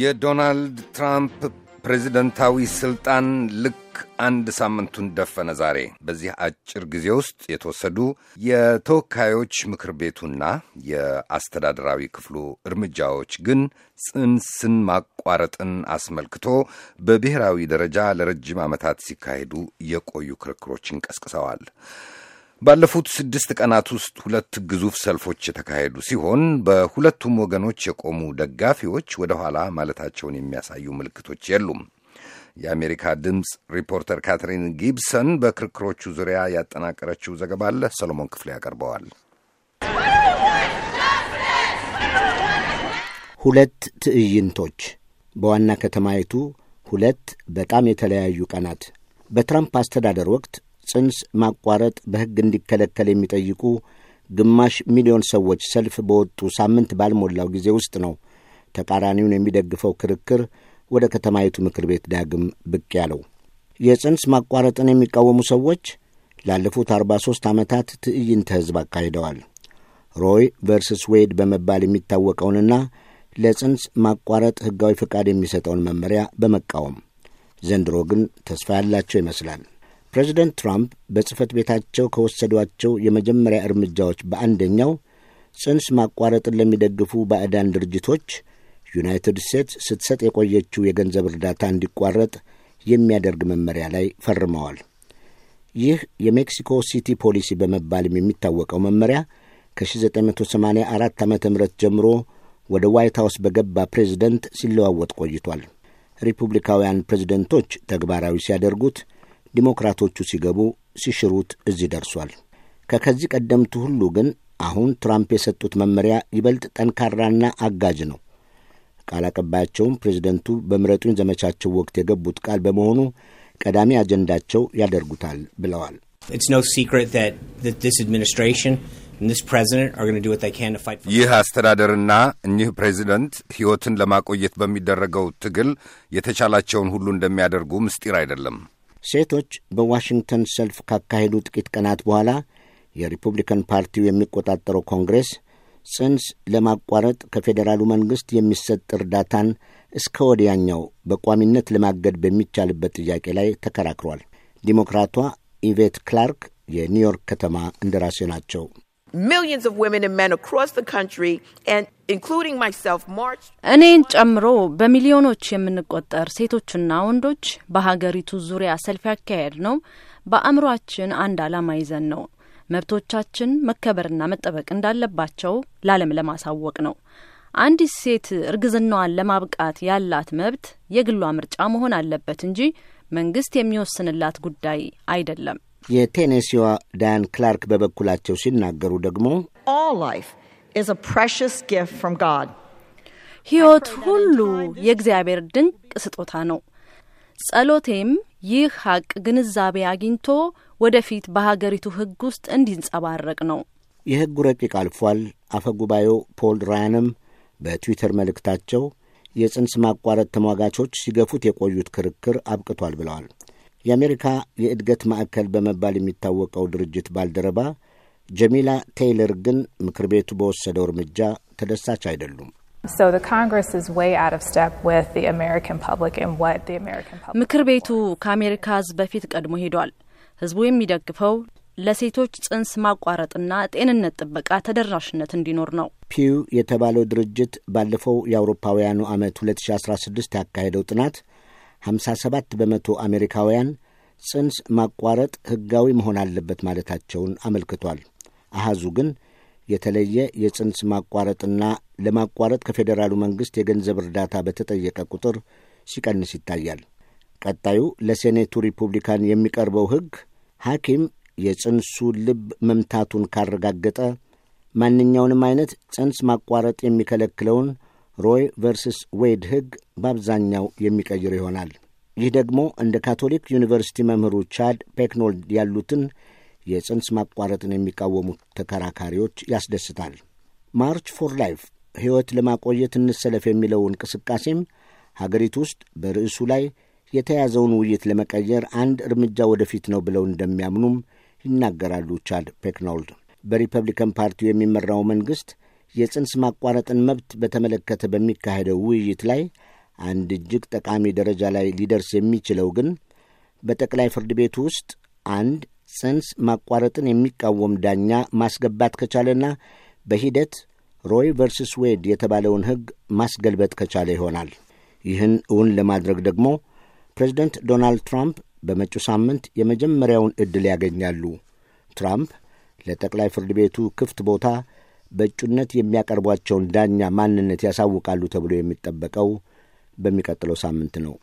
የዶናልድ ትራምፕ ፕሬዚደንታዊ ስልጣን ልክ አንድ ሳምንቱን ደፈነ ዛሬ። በዚህ አጭር ጊዜ ውስጥ የተወሰዱ የተወካዮች ምክር ቤቱና የአስተዳደራዊ ክፍሉ እርምጃዎች ግን ጽንስን ማቋረጥን አስመልክቶ በብሔራዊ ደረጃ ለረጅም ዓመታት ሲካሄዱ የቆዩ ክርክሮችን ቀስቅሰዋል። ባለፉት ስድስት ቀናት ውስጥ ሁለት ግዙፍ ሰልፎች የተካሄዱ ሲሆን በሁለቱም ወገኖች የቆሙ ደጋፊዎች ወደ ኋላ ማለታቸውን የሚያሳዩ ምልክቶች የሉም። የአሜሪካ ድምፅ ሪፖርተር ካትሪን ጊብሰን በክርክሮቹ ዙሪያ ያጠናቀረችው ዘገባ አለ። ሰሎሞን ክፍሌ ያቀርበዋል። ሁለት ትዕይንቶች በዋና ከተማይቱ ሁለት በጣም የተለያዩ ቀናት በትራምፕ አስተዳደር ወቅት ጽንስ ማቋረጥ በሕግ እንዲከለከል የሚጠይቁ ግማሽ ሚሊዮን ሰዎች ሰልፍ በወጡ ሳምንት ባልሞላው ጊዜ ውስጥ ነው ተቃራኒውን የሚደግፈው ክርክር ወደ ከተማይቱ ምክር ቤት ዳግም ብቅ ያለው። የጽንስ ማቋረጥን የሚቃወሙ ሰዎች ላለፉት 43 ዓመታት ትዕይንተ ሕዝብ አካሂደዋል። ሮይ ቨርስስ ዌድ በመባል የሚታወቀውንና ለጽንስ ማቋረጥ ሕጋዊ ፍቃድ የሚሰጠውን መመሪያ በመቃወም ዘንድሮ ግን ተስፋ ያላቸው ይመስላል። ፕሬዚደንት ትራምፕ በጽህፈት ቤታቸው ከወሰዷቸው የመጀመሪያ እርምጃዎች በአንደኛው ጽንስ ማቋረጥን ለሚደግፉ ባዕዳን ድርጅቶች ዩናይትድ ስቴትስ ስትሰጥ የቆየችው የገንዘብ እርዳታ እንዲቋረጥ የሚያደርግ መመሪያ ላይ ፈርመዋል። ይህ የሜክሲኮ ሲቲ ፖሊሲ በመባልም የሚታወቀው መመሪያ ከ1984 ዓ ም ጀምሮ ወደ ዋይት ሀውስ በገባ ፕሬዝደንት ሲለዋወጥ ቆይቷል። ሪፑብሊካውያን ፕሬዝደንቶች ተግባራዊ ሲያደርጉት ዲሞክራቶቹ ሲገቡ ሲሽሩት እዚህ ደርሷል። ከከዚህ ቀደምቱ ሁሉ ግን አሁን ትራምፕ የሰጡት መመሪያ ይበልጥ ጠንካራና አጋዥ ነው። ቃል አቀባያቸውም ፕሬዚደንቱ በምረጡኝ ዘመቻቸው ወቅት የገቡት ቃል በመሆኑ ቀዳሚ አጀንዳቸው ያደርጉታል ብለዋል። ይህ አስተዳደርና እኚህ ፕሬዚደንት ሕይወትን ለማቆየት በሚደረገው ትግል የተቻላቸውን ሁሉ እንደሚያደርጉ ምስጢር አይደለም። ሴቶች በዋሽንግተን ሰልፍ ካካሄዱ ጥቂት ቀናት በኋላ የሪፑብሊካን ፓርቲው የሚቆጣጠረው ኮንግሬስ ጽንስ ለማቋረጥ ከፌዴራሉ መንግሥት የሚሰጥ እርዳታን እስከ ወዲያኛው በቋሚነት ለማገድ በሚቻልበት ጥያቄ ላይ ተከራክሯል። ዲሞክራቷ ኢቬት ክላርክ የኒውዮርክ ከተማ እንደራሴ ናቸው። millions of women and men across the country and including myself marched እኔን ጨምሮ በሚሊዮኖች የምንቆጠር ሴቶችና ወንዶች በሀገሪቱ ዙሪያ ሰልፍ ያካሄድ ነው። በአእምሯችን አንድ አላማ ይዘን ነው። መብቶቻችን መከበርና መጠበቅ እንዳለባቸው ለዓለም ለማሳወቅ ነው። አንዲት ሴት እርግዝናዋን ለማብቃት ያላት መብት የግሏ ምርጫ መሆን አለበት እንጂ መንግስት የሚወስንላት ጉዳይ አይደለም። የቴኔሲዋ ዳያን ክላርክ በበኩላቸው ሲናገሩ ደግሞ ሕይወት ሁሉ የእግዚአብሔር ድንቅ ስጦታ ነው። ጸሎቴም ይህ ሀቅ ግንዛቤ አግኝቶ ወደፊት በሀገሪቱ ሕግ ውስጥ እንዲንጸባረቅ ነው። የሕጉ ረቂቅ አልፏል። አፈ ጉባኤው ፖል ራያንም በትዊተር መልእክታቸው የጽንስ ማቋረጥ ተሟጋቾች ሲገፉት የቆዩት ክርክር አብቅቷል ብለዋል። የአሜሪካ የእድገት ማዕከል በመባል የሚታወቀው ድርጅት ባልደረባ ጀሚላ ቴይለር ግን ምክር ቤቱ በወሰደው እርምጃ ተደሳች አይደሉም። ምክር ቤቱ ከአሜሪካ ሕዝብ በፊት ቀድሞ ሄዷል። ሕዝቡ የሚደግፈው ለሴቶች ጽንስ ማቋረጥና ጤንነት ጥበቃ ተደራሽነት እንዲኖር ነው። ፒው የተባለው ድርጅት ባለፈው የአውሮፓውያኑ ዓመት 2016 ያካሄደው ጥናት 57 በመቶ አሜሪካውያን ጽንስ ማቋረጥ ሕጋዊ መሆን አለበት ማለታቸውን አመልክቷል። አሃዙ ግን የተለየ የጽንስ ማቋረጥና ለማቋረጥ ከፌዴራሉ መንግሥት የገንዘብ እርዳታ በተጠየቀ ቁጥር ሲቀንስ ይታያል። ቀጣዩ ለሴኔቱ ሪፑብሊካን የሚቀርበው ሕግ ሐኪም የጽንሱ ልብ መምታቱን ካረጋገጠ ማንኛውንም አይነት ጽንስ ማቋረጥ የሚከለክለውን ሮይ ቨርስስ ዌድ ሕግ በአብዛኛው የሚቀይር ይሆናል። ይህ ደግሞ እንደ ካቶሊክ ዩኒቨርሲቲ መምህሩ ቻድ ፔክኖልድ ያሉትን የጽንስ ማቋረጥን የሚቃወሙ ተከራካሪዎች ያስደስታል። ማርች ፎር ላይፍ ሕይወት ለማቆየት እንሰለፍ የሚለው እንቅስቃሴም ሀገሪቱ ውስጥ በርዕሱ ላይ የተያዘውን ውይይት ለመቀየር አንድ እርምጃ ወደፊት ነው ብለው እንደሚያምኑም ይናገራሉ ቻድ ፔክኖልድ። በሪፐብሊካን ፓርቲው የሚመራው መንግሥት የጽንስ ማቋረጥን መብት በተመለከተ በሚካሄደው ውይይት ላይ አንድ እጅግ ጠቃሚ ደረጃ ላይ ሊደርስ የሚችለው ግን በጠቅላይ ፍርድ ቤቱ ውስጥ አንድ ጽንስ ማቋረጥን የሚቃወም ዳኛ ማስገባት ከቻለና በሂደት ሮይ ቨርስስ ዌድ የተባለውን ሕግ ማስገልበጥ ከቻለ ይሆናል። ይህን እውን ለማድረግ ደግሞ ፕሬዚደንት ዶናልድ ትራምፕ በመጪው ሳምንት የመጀመሪያውን ዕድል ያገኛሉ። ትራምፕ ለጠቅላይ ፍርድ ቤቱ ክፍት ቦታ በእጩነት የሚያቀርቧቸውን ዳኛ ማንነት ያሳውቃሉ ተብሎ የሚጠበቀው በሚቀጥለው ሳምንት ነው።